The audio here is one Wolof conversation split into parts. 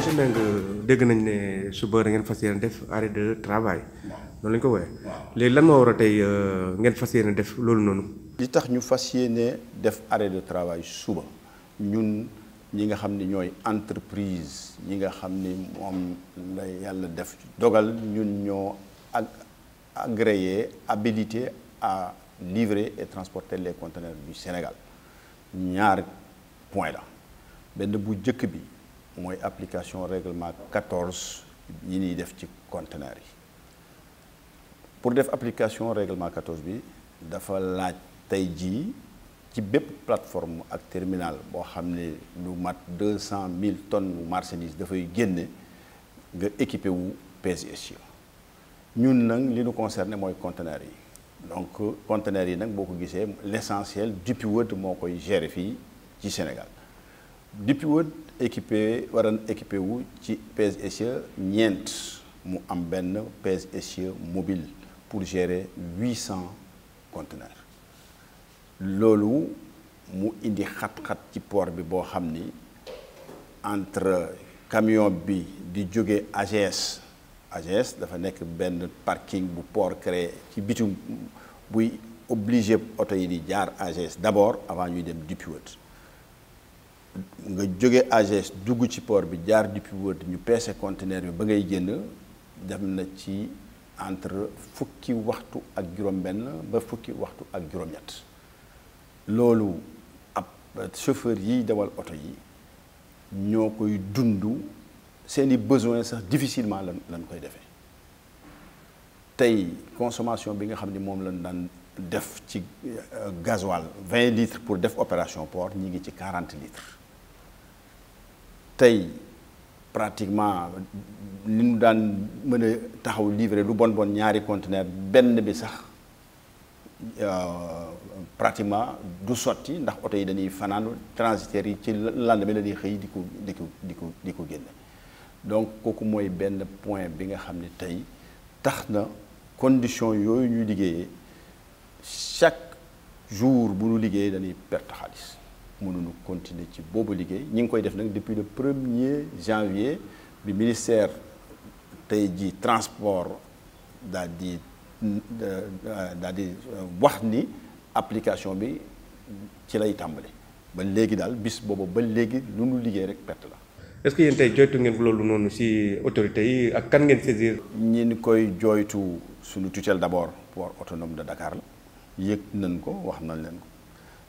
monsieur Mbengue dégg nañ ne suba da ngeen fas yéene def arrêt de travail noonu lañ ko wooyee. léegi lan moo war a tey euh, ngeen fas yéene def loolu noonu. li tax ñu fas yéene def arrêt de travail suba ñun ñi nga xam ne ñooy entreprise ñi nga xam ni moom la yàlla def dogal ñun ñoo ak agréé habilité à livrer et transporter les conteneurs du Sénégal ñaar point la benn bu njëkk bi moy application règlement 14 yi y def ci conteneur yi pour def application règlement 14 bi dafa laaj tay qui ci bép plateforme ak terminal bo xamné lu mat 200 000 tonnes de marchandise fay génne nga équipé wu PSS ñun nak li nous concerné moy conteneur yi donc conteneur yi nak boko gissé l'essentiel, depuis essentiel DP gérer fi ci Sénégal du équipé waran équipé wu ci pèse essieu mu am ben pèse mobile pour gérer 800 conteneurs lolu mu indi xat-xat ci port bi bo xamni entre camion bi di jóge AGS AGS dafa nek ben parking bu port créé ci bitum buy obligé auto yi di jaar AGS d'abord avant ñuy dem Dupuy nga jóge AGS dugg ci port bi jaar depuis wët ñu pécé conteneur bi ba ngay génn dem na ci entre fukki waxtu ak juroom benn ba fukki waxtu ak juroom ñett loolu ab chauffeur yi dawal auto yi ñoo koy dund seeni besoin sax difficilement lan lan koy defee tey consommation bi nga xam ni moom lañ daan def ci euh, gasoil vingt litres pour def opération port ñi ngi ci quarante litres tay pratiquement li ñu daan mën taxaw livrer lu bon bon ñaari conteneur benn bi sax euh, pratiquement du sorties ndax auto yi dañuy fanaan qui ci lendemain la ñuy xëy di ko diko diko di ko donc koku moy benn point bi nga xamné tay taxna condition yooyu ñuy liggéeyee chaque jour bu ñu liggéeyee dañuy perte xaliss mënuñu continuer ci boobu liggéey ñing koy def nak depuis le 1er janvier le ministère tey ji transport daal di daal wax ni application bi ci lay tambalé ba légui dal bis boobu ba légui lu nu liggéey rek perte la. est-ce que yéen tey joytu ngeen bu loolu noonu ci autorité yi ak kan ngeen saisir. ñi ni koy joytu suñu tutelle d'abord port autonome de Dakar la yëg nañ ko wax nañ len ko.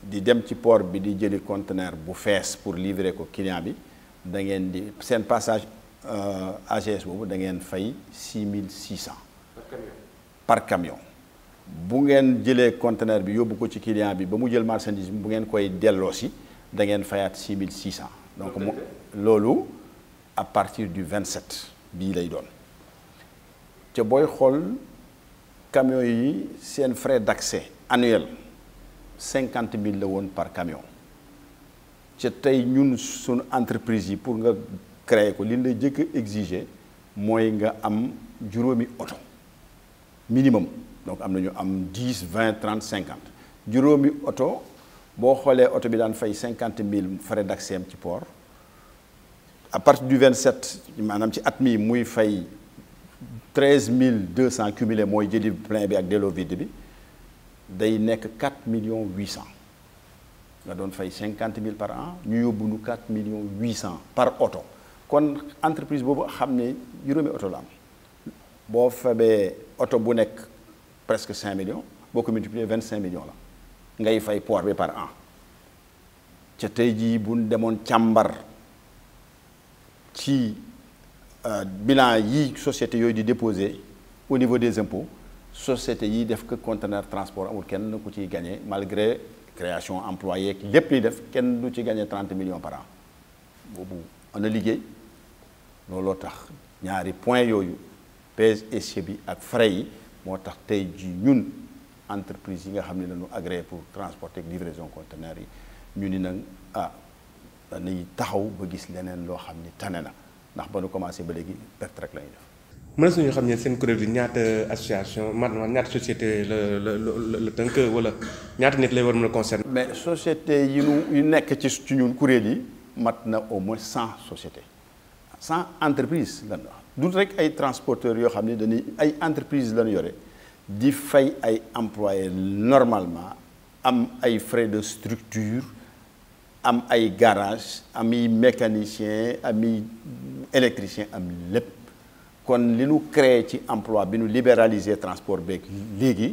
di dem ci port bi di jëli conteneur bu fess pour livrer ko client bi da ngeen di sen passage euh, AGS bobu da ngeen fay 6600 par camion bu ngeen jëlé conteneur bi yobbu ko ci client bi ba mu jël marchandise bu ngeen koy delloo ci da ngeen fayat 6600 donc lolu à partir du 27 bi lay doon ci boy xol camion yi sen frais d'accès annuel 50 000 euros par camion. C'est une entreprise pour créer ce que est exigé, c'est am 000 auto minimum. Donc, am 10, 20, 30, 50. Durumi auto, si vous auto bilan fait 50 000 frais d'accès à petit port, à partir du 27, je suis atmi à 13 200 cumulés, day nekk 4 millions 800 nga doon fay 50 000 par an nous avons 4 millions 800 par auto. Quand l'entreprise a fait ne auto, oto la am presque 5 millions boo ko multiplier 25 millions la ngay fait port 000 par an ca tey jii des ñu demoon càmbar ci euh, bilan yi société yooyu déposé au niveau des impôts société yi def que conteneur transport amul kenn ku ci gagner malgré création employé lépp li def kenn du ci gagner 30 millions par an boobu ana liggéey looloo tax ñaari point yooyu pèse essieu bi ak frais yi moo tax ji ñun entreprise yi nga xamni lañu agréé pour transporter livraison conteneur yi ñu ni nag ah dañuy taxaw ba gis leneen lo xamni ni na ndax ba nu commencé ba légui perte rek def mën suñu xam ne seen kuréel bi ñaata association maanaam ñaata société la la la la tënk wala ñaata nit lay war mën a concerner. mais société yi nu yu nekk ci ci ñun kuréel yi mat na au moins cent sociétés cent entreprises lan la dul rek ay transporteurs yoo xam ne dañuy ay entreprises lañu yore di fay ay employés normalement am ay frais de structure. am ay garage ami mécanicien ami électricien am lépp kon li nu créé ci emploi bi nu libéraliser transport beeg légui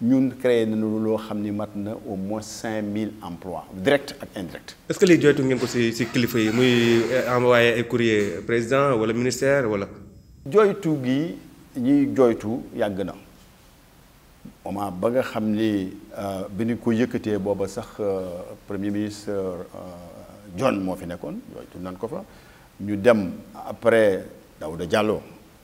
ñun créer nañu loo xam ni mat na au moins 5000 emplois direct ak indirect. est-ce que les joytu ngeen ko ci ci kilifa yi muy euh, envoyer ay courrier président wala ministère wala. joytu gi ñi joytu yàgg na moment ba nga xam ni euh, bi ñu ko yëkëté booba sax euh, premier ministre John mo fi nekkoon joytu nan ko fa ñu dem après Daouda Diallo.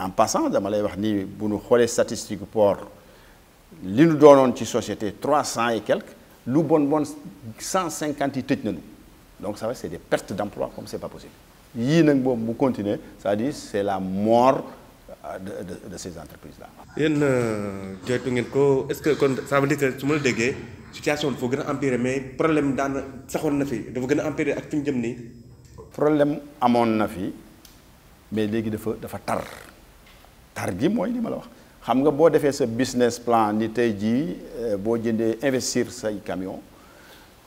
en passant dama lay wax ni bu ñu xoolee statistique port li ñu ci société 300 et quelques lu bon 150 cent donc ça va c'est des pertes d'emploi comme c'est pas possible yii nous bu continuer ça dit c'est la mort euh, de de de ces entreprises là. Euh, est-ce que ça veut dire que la situation est gën empirer mais problème dans saxoon na fi dafa gën empirer ak le problème jëm problème amoon na fi mais il dafa dafa tar. tar moy li mala wax xam nga bo defé sa business plan ni tay ji eh, bo jëndé investir say camion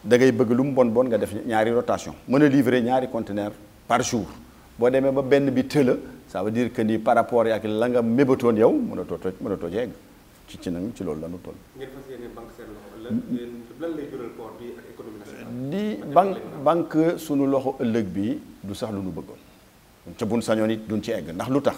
da ngay bëgg lu bon bon nga def ñaari rotation mëna livrer ñaari conteneur par jour bo démé ba benn bi tëla ça veut dire que ni par rapport ak la nga mébatoon yow mëna to toj to jégg ci ci nang ci loolu la ñu toll. ngeen fas yéene banque seen loxo lan hmm? lay jural port bi ak économie nationale. di banque banque sunu loxo ëlëk bi du sax lu nu bëggoon ca bun sañoon it duñ ci egg ndax lutax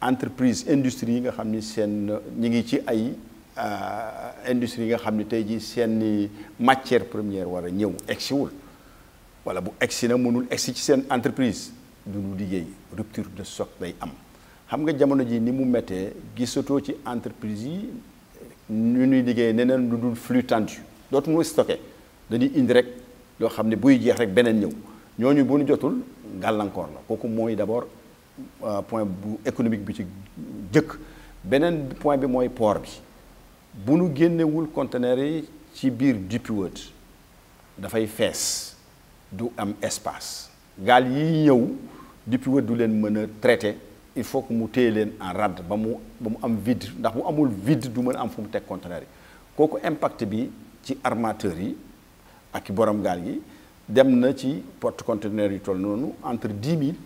entreprise industrie nga xamni sen seen ñi ngi ci ay euh, industrie nga xamni ni tey ji seen matière première war ñew ñëw egsiwul wala bu egsi na mënul egsi ci sen entreprise duñu liggéey rupture de stock day am xam nga jamono ji ni mu méttee gisatoo ci entreprise yi ñu ñuy liggéey neneen du dul flux tendu dootuñu stocké dañuy indi rek loo xam ne buy jeex rek beneen ñëw ñooñu bu ñu jotul gàllankoor la kooku mooy d'abord euh, point économique bi ci jëkk point bi moy port bi bu nu génnewul conteneurs yi ci biir DP da fay fess du am espace gal yi ñew DP World du len meuna traiter traité il faut que mu téye len en rade ba mu ba mu am vide ndax bu amul vide du meuna am fu mu teg yi kooku impact bi ci armateur yi ak borom gal yi dem na ci porte conteneur yi tol nonu entre 10000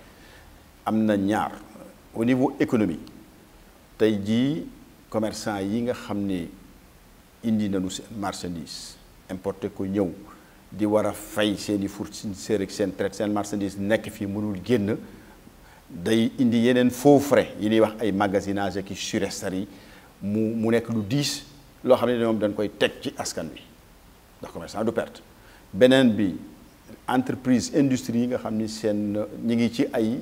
amna ñaar au niveau économie tay ji commerçants yi nga xam indi nañu sen marchandise importé ko ñew di wara fay seen i fournisseur ak seen traite seen marchandise nekk mënul génn day indi yenen faux frais yi ni wax ay magasinage ak i mu mu nek lu 10 lo xam ñom dañ koy tek ci askan bi ndax commerçant du perte benen bi entreprise industrie yi nga xamni sen seen ñi ngi ci ay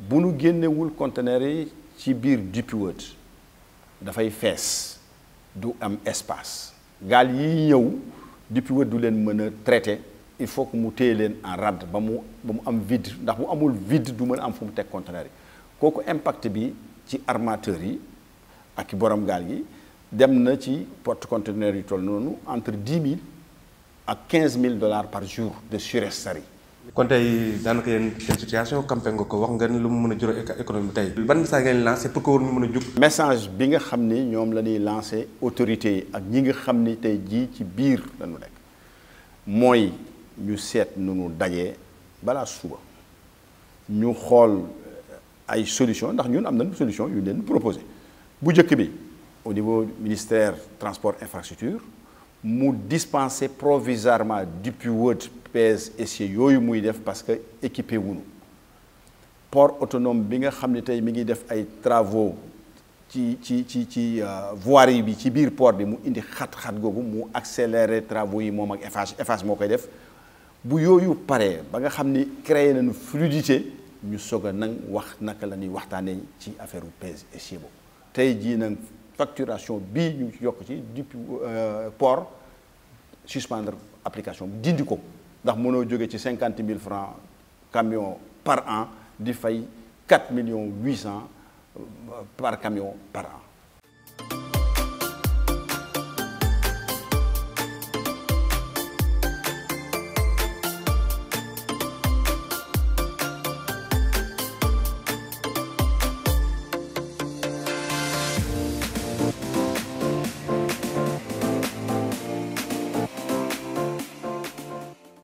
bu nu génnewul conteneur yi ci biir DP dafay fees du am espace gaal yi ñëw DP du leen mën a traité il faut que mu téye leen en rade ba mu ba mu am vide ndax bu amul vide du mën am fu mu teg conteneur yi kooku impact bi ci armateur yi ak borom gaal yi dem na ci porte conteneur yu toll noonu entre dix mille ak dollars par jour de surestarie kon tey daanaka yéen seen situation campagne nga ko wax nga lu mu mën a jural économie tey. ban message ngeen lancé pour que war ñu mën a jug. message bi nga xam ni ñoom la ñuy lancé autorités ak ñi nga xam ni tey jii ci biir lañu nekk mooy ñu seet nu nu dajee balaa suba ñu xool euh, ay solution ndax ñun am nañu solution yu leen proposé bu njëkk bi au niveau ministère transport infrastructure mu dispenser provisoirement du depuis wët pèse essieu yooyu muy def parce que équipé wunu port autonome bi nga xam ne tey mi ngi def ay travaux ci ci ci ci euh, voirie bi ci biir port bi mu indi xat-xat googu mu accélérer travaux yi moom ak efface Eiffage moo koy def bu yooyu paree ba nga xam ni nañu fluidité ñu soog a nang wax naka la ñuy ci affaire u pèse essieu boobu tey jii nag facturation bi ñu euh, port suspendre l'application. dindi ko ndax mëno 50 000 francs camion par an di fay 4 800 euh, par camion par an